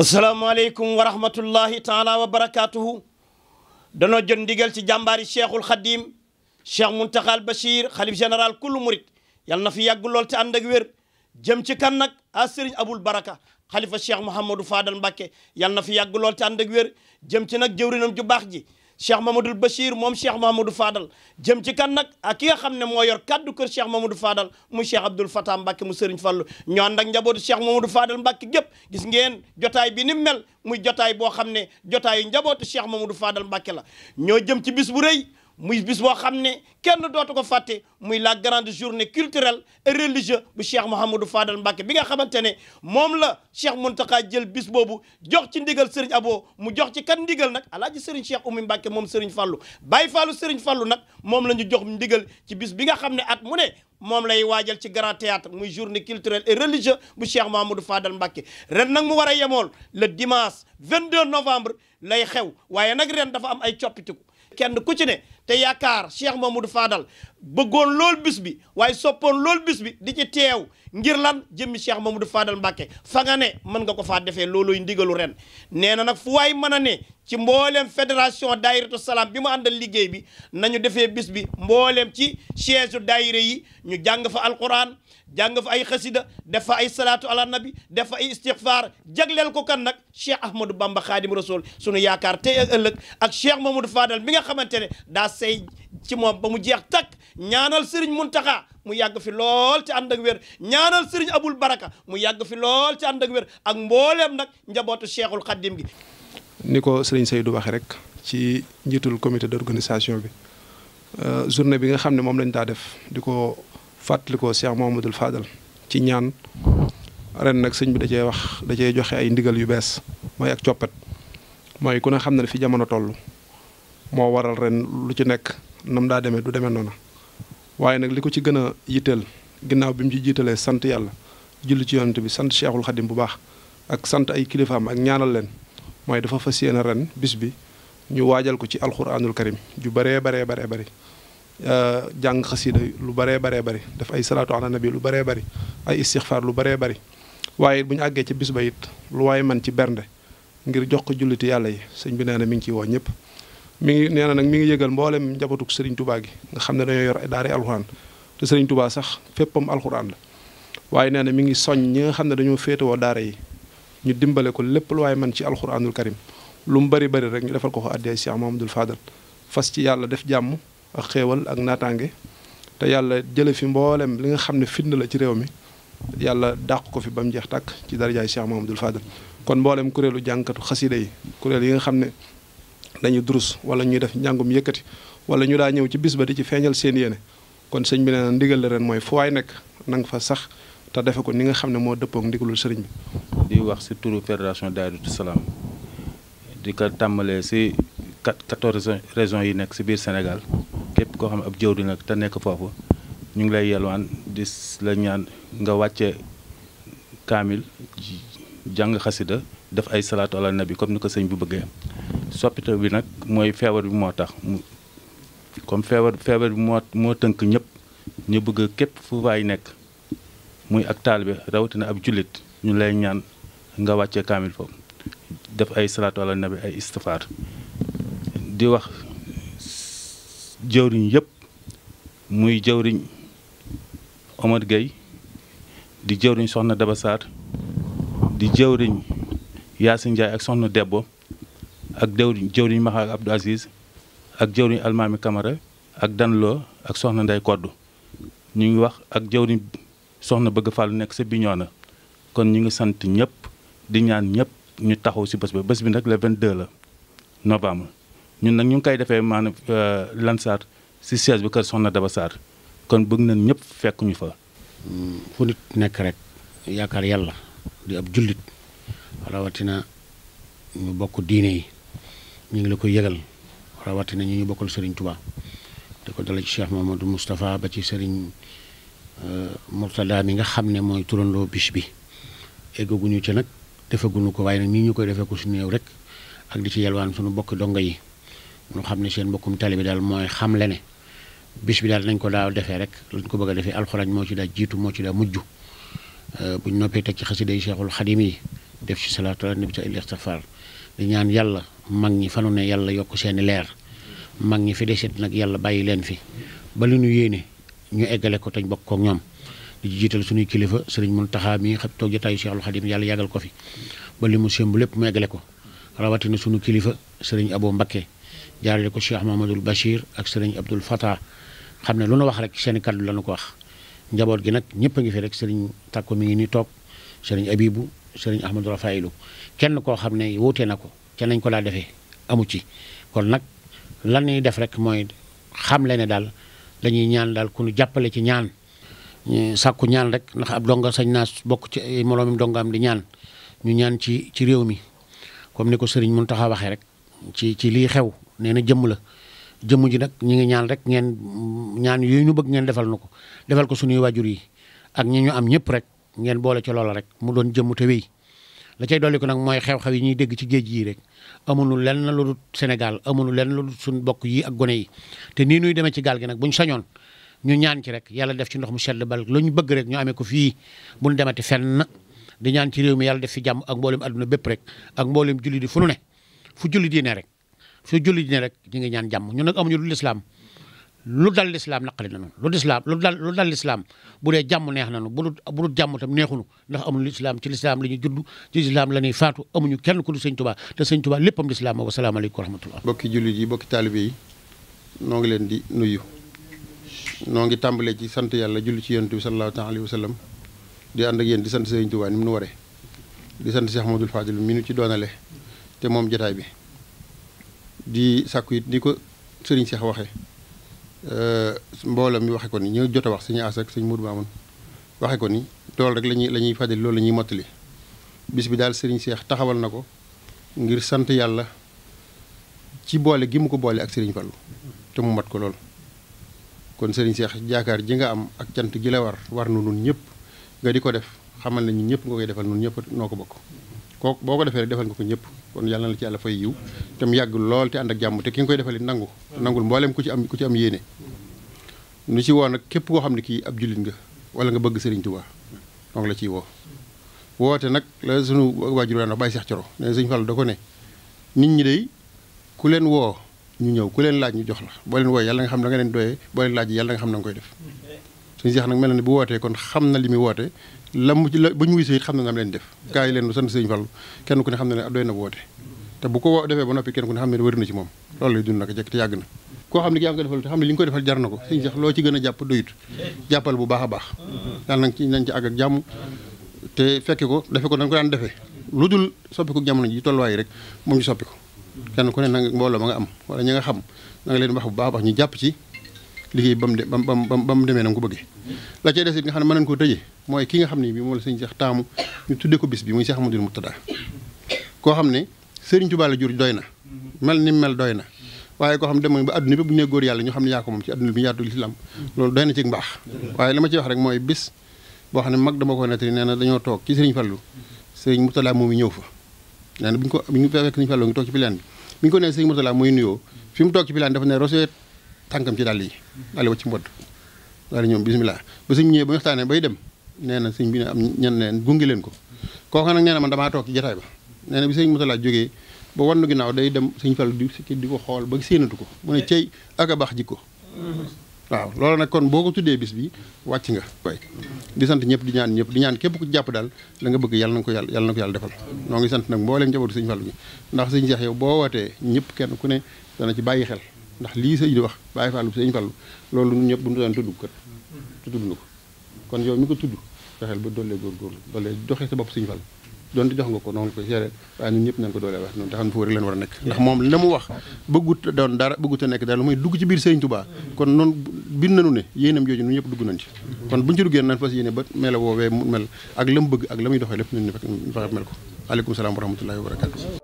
asalaamaaleykum wa rahmatullahi taala wa barakaatuhu danoo jot ndigal ci jàmbaari cheikhul xadim cheikh muntaxal bachir xalif général kullu murit yal na fi yàgg lool te ànd ak wér jëm ci kan nag a sëriñ abul baraka xalifa cheikh mouhamadou fadal mbàkke yal na fi yàgg lool te ànd ak wér jëm ci nag jëwrinam ju baax ji cheikh Mamadou bashir moom cheikh Mamadou Fadal jëm ci kan nag ak ki nga xam ne moo yor kaddu kër cheikh Mamadou Fadal mu cheikh Abdoul Fatah Mbacke mu Serigne Fallou ñoo ànd ak njabootu cheikh Mamadou Fadal Mbacke gépp gis ngeen jotaay bi ni mel muy jotaay boo xam ne jotaayu njabootu cheikh Mamadou Fadal Mbacke la ñoo jëm ci bis bu rëy. muy bis boo xam ne kenn dootu ko fàtte muy la grande journée culturelle et religieuse bu Cheikh Mouhamadou Fadal Mbacké bi nga xamante ne moom la Cheikh Mountakha jël bis boobu jox ci ndigal Serigne Abo mu jox ci kan ndigal nag alaaji Serigne Cheikh Oumy Mbacké moom Serigne Fallou Baye Fallou Serigne Fallou nag moom la ñu jox ndigal ci bis bi nga xam ne at mu ne moom lay waajal ci grand théâtre muy journée culturel et religieuse bu Cheikh Mouhamadou Fadal Mbacké ren nag mu war a yemool le dimanche 22 novembre lay xew waaye nag ren dafa am ay coppitiku kenn ku ci ne te yaakaar Cheikh Mamadou Fadal bëggoon lool bis bi waaye soppoon lool bis bi di ci teew ngir lan jëmmi Cheikh Mamadou Fadal Mbacke fa ne mën nga ko faa defee looloy ndigalu ren nee na nag fu waay mën a ne ci mbooleem fédération daayiratu salaam bi mu àndal liggéey bi nañu defee bis bi mbooleem ci siège u yi ñu jàng fa alquran jàng fa ay xasida defa ay salaatu ala nabi defa ay istighfar jagleel ko kan nag Cheikh Ahmadou Bamba Khadim Rasoul sunu yaakaar tey ak ëllëg ak Cheikh Mamadou Fadal bi nga xamante ne daa say ci moom ba mu jeex takk ñaanal sëriñ Muntaxa mu yàgg fi lool ci ànd ak wér ñaanal sëriñ Abul Baraka mu yàgg fi lool ci ànd ak wér ak mbooleem nag njabootu Cheikhul Khadim gi. ni ko sëriñ Seydou waxe rek ci njiitul comité d'organisation bi euh, journée bi nga xam ne moom lañ daa def di ko fàttalikoo moom Mouhamadoul Fadal ci ñaan ren nag sëñ bi da cee wax da cee joxe ay ndigal yu bees mooy ak coppet mooy ku ne xam ne fi jamono toll moo waral ren lu ci nekk nam daa demee du demee noonu. waaye nag li ko ci gën a yitteel ginnaaw bi mu ci jiitalee sant yàlla julli ci yonent bi sant Cheikhul Khadim bu baax ak sant ay kilifaam ak ñaanal leen mooy dafa fas yéene ren bis bi ñu waajal ko ci alxuraanul karim ju baree baree baree bëri euh, jàng xasida lu baree baree bëri def ay salaatu ala nabi lu baree bari ay istixfaar lu baree bari waaye bu ñu àggee ci bis ba it lu waaye man ci bernde ngir jox ko julliti yàlla yi sëñ bi nee na mi ngi ciy woo ñëpp mi ngi nee na nag mi ngi yëgal mboolem njabootug Serigne Touba gi nga xam ne dañoo yor daari alxuraan te Serigne Touba sax féppam alxuraan la waaye nee na mi ngi soññ ñi nga xam ne dañoo féetewoo daara yi ñu dimbale ko lépp lu waaye man ci alxuraanul karim lu mu bari bari rek ñu defal ko ko addiya Cheikh Mamadou Fadal fas ci yàlla def jàmm ak xéewal ak naataange te yàlla jële fi mboolem li nga xam ne fitna la ci réew mi yàlla dàq ko fi ba mu jeex tàkk ci darajaay Cheikh Mamadou Fadal kon mboolem kuréelu jànkatu xasida yi kuréel yi nga xam ne dañu durus wala ñuy def njàngum yëkkati wala ñu daa ñëw ci bis ba di ci feeñal seen yéene kon sëñ bi nee na ndigal la ren mooy fu waay nekk na fa sax te defe ko ni nga xam ne moo dëppook ndigalul sëriñ bi. di wax si turu fédération Daayiratu Salaam di ko tàmbalee si quatorze régions yi nekk si biir Sénégal képp koo xam ne ab jëw di nag te nekk foofu ñu ngi lay yelwaan di la ñaan nga wàcce kaamil jàng xasida def ay salaatu ala bi comme ni ko sëñ bu bëggee. soppite bi nag mooy feebar bi moo tax comme feebar bi moo tënk ñëpp ñu bëgg képp fu waay nekk muy ak taalibe rawatina ab jullit ñu lay ñaan nga wàcce kaamil foofu def ay salaatu ala nabi ay istifaar di wax jëwriñ yépp muy jëwriñ Omar Gueye di jëwriñ soxna Daba di jëwriñ Yaasin Njaay ak soxna Debbo ak jëwriñ jëwriñ Maxa Abdou Aziz ak jëwriñ Almaami kamara ak Danloo ak soxna Ndey Koddu ñu ngi wax ak jëwriñ soxna Bëgg Fàllu nekk sa na kon ñu ngi sant ñëpp di ñaan ñëpp ñu taxaw si bés ba bés bi nag le 22 la novembre ñun nag ñu ngi koy defee maanaam euh, Lansar si siège bi kër soxna Daba Sarr kon bëgg nañ ñëpp fekk fa. Mm, fu nit nekk rek yaakaar yàlla di ab jullit rawatina ñu bokk diine yi. ñu ngi la koy yëgal rawatina ñu ñu bokkal Serigne Touba di ko dala ci Cheikh Mamadou Moustapha ba ci Serigne euh, Mourtada mi nga xam ne mooy turandoo bis bi eggaguñu ci nag defaguñu ko waaye nag nii ñu koy defee ko suñu néew rek ak di ci yelwaan suñu bokki dongo yi ñu xam ne seen mbokkum tali bi daal mooy xam le ne bis bi daal nañ ko daaw defee rek lañ ko bëgg defee alxuraan moo ci daa jiitu moo ci daa mujj euh, buñ noppee teg ci xasida yi Cheikhul Xadim yi def ci salaatu ala nabi ta il ixtifaar yàlla mag ñi fanu ne yàlla yokk seeni leer mag ñi fi desit nag yàlla bàyyi leen fi ba lu ñu yéene ñu eggale ko tañ bokk kook ñoom li jiital suñuy kilifa sëriñ Muntaxa mi xam toog jotaayu Seexul Xadim yàlla yàggal ko fi ba li mu sémb lépp mu ko rawatina suñu kilifa sëriñ Abo Mbakke jaarale ko Cheikh Mahamadul Bachir ak sëriñ Abdul Fatah xam ne lu nu wax rek seeni kàddu la ko wax njaboot gi nag ñëpp a ngi fi rek sëriñ Takko mi ngi ni toog sëriñ Abibu sëriñ Ahmadou Rafaylu kenn koo xam ne wuute na ko ca nañ ko daa defee amu ci kon nag lan ñuy def rek mooy xam le ne daal dañuy ñaan daal ku jàppale ci ñaan sàkku ñaan rek ndax ab donga sañ naa bokk ci moroomim dongaam di ñaan ñu ñaan ci ci réew mi comme ni ko sëriñ Mountakha waxee rek ci ci lii xew nee na jëmm la jëmm ji nag ñu ngi ñaan rek ngeen ñaan yooyu ñu bëgg ngeen defal nu ko defal ko suñuy waajur yi ak ñi ñu am ñëpp rek ngeen boole ci loola rek mu doon jëmm te wéy la cay dolli ko nag mooy xew-xew yi ñuy dégg ci géej yi rek amunu lenn lu dul Sénégal amunu lenn lu dul suñu bokk yi ak gone yi te nii nuy demee ci gaal gi nag bu ñu sañoon ñu ñaan ci rek yàlla def ci ndox mu sedd bal lu ñu bëgg rek ñu amee ko fii bu ñu demati fenn di ñaan ci réew mi yàlla def fi jàmm ak mboolem adduna bépp rek ak mboolem julli di fu nu ne fu julli di rek fu julli ne rek ñu ngi ñaan jàmm ñoo nag amuñu dul lislaam lu dal lislaam naqari na noonu lu lislaam lu dal lu dal lislaam bu dee jàmm neex na nu bu dul jàmm tam neexul ndax amuñu lislaam ci lislaam la ñuy judd ci lislaam la ñuy faatu amuñu kenn ku du sëñ Tuubaa te sëñ Tuubaa léppam lislaam wa salaamaaleykum wa rahmatullah bokki jullit yi bokki taalibe yi noo ngi leen di nuyu noo ngi tàmbalee ci sant yàlla julli ci yonent bi sallallahu taala alayhi wa sallam di ànd ak yéen di sant sëñ Tuubaa ni mu nu waree di sant Cheikh Ahmadul Fadil mi nu ci doonale te moom jotaay bi di sàkku it ko sëriñ Cheikh waxee Euh, mboolem mi waxe ko ni ñoo jot a wax suñu as ak suñu muur maamun waxe ko ni loolu rek lañuy la ñuy fàttali loolu la ñuy mottali bis bi daal sëriñ Seex taxawal na ko ngir sant yàlla ci boole gi mu ko boole ak sëriñ Fallu te mu mat ko lool kon sëriñ Seex jaakaar ji nga am ak cant gi la war war na nun ñëpp nga di ko def xamal na ñun ñëpp nga koy defal nun ñëpp noo ko bokk kooku boo ko defee rek defal nga ko ñëpp kon yàlla na la ci yàlla fay yiw te mu yàgg lool te ànd ak jàmm te ki nga koy defalee nangu nangul mboolem ku ci am ku ci am yéene nu ci woo nag képp koo xam ne kii ab jullit nga wala nga bëgg Sëriñ Tuubaa donc la ciy woo woote nag la sunu waajur daan wax bàyyi seex coro ne Sëriñ Fallu da ko ne nit ñi day ku leen woo ñu ñëw ku leen laaj ñu jox la boo leen wooyee yàlla nga xam da nga leen doyee boo laaj yàlla nga xam ne nga koy def suñu seex nag mel na ne bu wootee kon xam na li muy woote lam mu ci la ba ñu xam ne nam leen def gaa yi leen nu sant sëñ kenn ku ne xam ne ne ab doy na woote te bu ko defee ba noppi kenn ku ne xam ne wër na ci moom jekk te yàgg na ne ki yaa ko xam ne li na ko sëñ a jàpp doyut jàppal bu baax a baax daal nag ci nañ ci jàmm te fekke ko defe ko dañ ko daan defee lu dul soppi ko jamono ji tolluwaay rek moom ñu soppi ko kenn ku ne nanga mbooloo ma nga am wala ñi nga xam na nga leen wax bu baax a baax ñu jàpp ci liggéey ba mu ba mu demee na ko bëggee la cay des it nga xam ne mën nañu ko tëjee mooy ki nga xam ne bi moom la sëñ Cheikh taamu ñu tuddee ko bis bi muy Cheikh Amadou Moutada koo xam ne Sëriñ Tuubaa la jur doy na mel ni mel doy na waaye koo xam ne ba adduna bu ñu yàlla ñu xam ne yaa moom ci adduna bi yaatu lislaam loolu doy na ci mbaax waaye li ma ci wax rek mooy bis boo xam ne mag dama ko nettali nee na dañoo toog ci Sëriñ Fallu Sëriñ Moutada moom ñëw fa nee na bi ñu ko bi ñu fekk Sëriñ Fallu ngi toog ci pilaan bi bi ñu ko nee Sëriñ Moutada muy nuyoo fi mu toog ci pilaan dafa ne rosee tànkam ci dàll yi dàll wa ci mbodd daal di ñoom bisimilah ba suñ ñëwee ba waxtaanee bay dem nee na bi ne am ñan leen gunge leen ko kooka nag nee na man damaa toog ci jataay ba nee bi sëñ Moutalla jógee ba wannu ginnaaw day dem sëñ Fallu di di ko xool ba séenatu ko mu ne cey ak a baax jikko waaw loolu nag kon boo ko tuddee bis bi wàcc nga koy di sant ñëpp di ñaan ñëpp di ñaan képp ku jàpp daal la bëgg yàlla na ko yàlla yàlla na ko yàlla defal noo ngi sant nag mbooleem njabootu sëñ Fallu bi ndax sëñ Seex yow wootee ñëpp kenn ku ne dana ci bàyyi xel ndax lii sëñ di wax bàyyi fàllu loolu ñëpp bu ñu doon tudd kat ko kon yow mi ko tudd fexeel ba doolee góorgóorlu doolee joxe sa bopp sëñ fàllu donte jox nga ko noonu ko seere waaye ñëpp nañ ko doolee wax noonu taxan foofu rek leen war a ndax moom la mu wax bëggut doon dara bëggut a nekk dara lu muy dugg ci biir sëñ Touba kon noonu bind nañu ne yéenam jooju ñun ñëpp dugg nañ ci kon buñu ci duggee nañ fas yéene ba mela woowee mu mel ak la bëgg ak la muy doxee lépp ñun ñu fexe mel ko aleykum salaam wa rahmatullahi wa